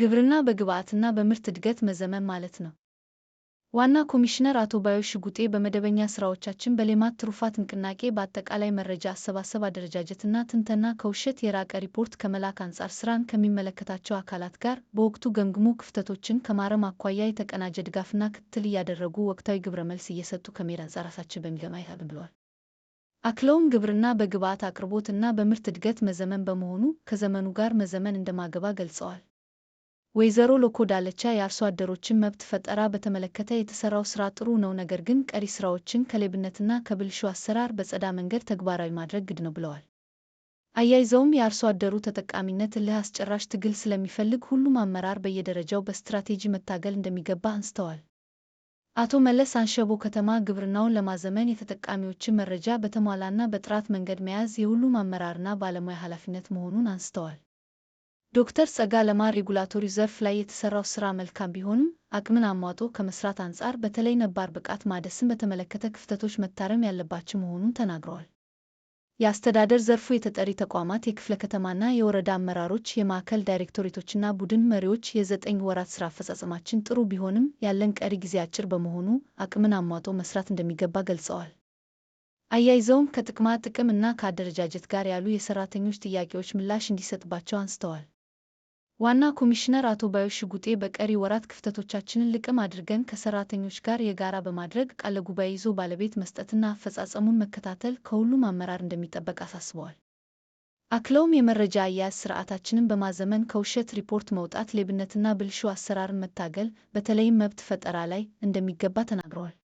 ግብርና በግብዓትና በምርት እድገት መዘመን ማለት ነው። ዋና ኮሚሽነር አቶ ባዮ ሽጉጤ በመደበኛ ስራዎቻችን በሌማት ትሩፋት ንቅናቄ በአጠቃላይ መረጃ አሰባሰብ አደረጃጀትና ትንተና ከውሸት የራቀ ሪፖርት ከመላክ አንጻር ስራን ከሚመለከታቸው አካላት ጋር በወቅቱ ገምግሞ ክፍተቶችን ከማረም አኳያ የተቀናጀ ድጋፍና ክትትል እያደረጉ ወቅታዊ ግብረ መልስ እየሰጡ ከመሄድ አንጻር ራሳችን በሚገማ ይሃብም ብለዋል። አክለውም ግብርና በግብዓት አቅርቦትና በምርት እድገት መዘመን በመሆኑ ከዘመኑ ጋር መዘመን እንደማገባ ገልጸዋል። ወይዘሮ ሎኮ ዳለቻ የአርሶ አደሮችን መብት ፈጠራ በተመለከተ የተሰራው ስራ ጥሩ ነው፣ ነገር ግን ቀሪ ስራዎችን ከሌብነትና ከብልሹ አሰራር በጸዳ መንገድ ተግባራዊ ማድረግ ግድ ነው ብለዋል። አያይዘውም የአርሶ አደሩ ተጠቃሚነት እልህ አስጨራሽ ትግል ስለሚፈልግ ሁሉም አመራር በየደረጃው በስትራቴጂ መታገል እንደሚገባ አንስተዋል። አቶ መለስ አንሸቦ ከተማ ግብርናውን ለማዘመን የተጠቃሚዎችን መረጃ በተሟላና በጥራት መንገድ መያዝ የሁሉም አመራርና ባለሙያ ኃላፊነት መሆኑን አንስተዋል። ዶክተር ጸጋ ለማ ሬጉላቶሪ ዘርፍ ላይ የተሰራው ስራ መልካም ቢሆንም አቅምን አሟጦ ከመስራት አንጻር በተለይ ነባር ብቃት ማደስን በተመለከተ ክፍተቶች መታረም ያለባቸው መሆኑን ተናግረዋል። የአስተዳደር ዘርፉ የተጠሪ ተቋማት፣ የክፍለ ከተማና የወረዳ አመራሮች፣ የማዕከል ዳይሬክቶሬቶችና ቡድን መሪዎች የዘጠኝ ወራት ስራ አፈጻጸማችን ጥሩ ቢሆንም ያለን ቀሪ ጊዜ አጭር በመሆኑ አቅምን አሟጦ መስራት እንደሚገባ ገልጸዋል። አያይዘውም ከጥቅማ ጥቅም እና ከአደረጃጀት ጋር ያሉ የሰራተኞች ጥያቄዎች ምላሽ እንዲሰጥባቸው አንስተዋል። ዋና ኮሚሽነር አቶ ባዮሽ ጉጤ በቀሪ ወራት ክፍተቶቻችንን ልቅም አድርገን ከሰራተኞች ጋር የጋራ በማድረግ ቃለ ጉባኤ ይዞ ባለቤት መስጠትና አፈጻጸሙን መከታተል ከሁሉም አመራር እንደሚጠበቅ አሳስበዋል። አክለውም የመረጃ አያያዝ ስርዓታችንን በማዘመን ከውሸት ሪፖርት መውጣት፣ ሌብነትና ብልሹ አሰራርን መታገል በተለይም መብት ፈጠራ ላይ እንደሚገባ ተናግረዋል።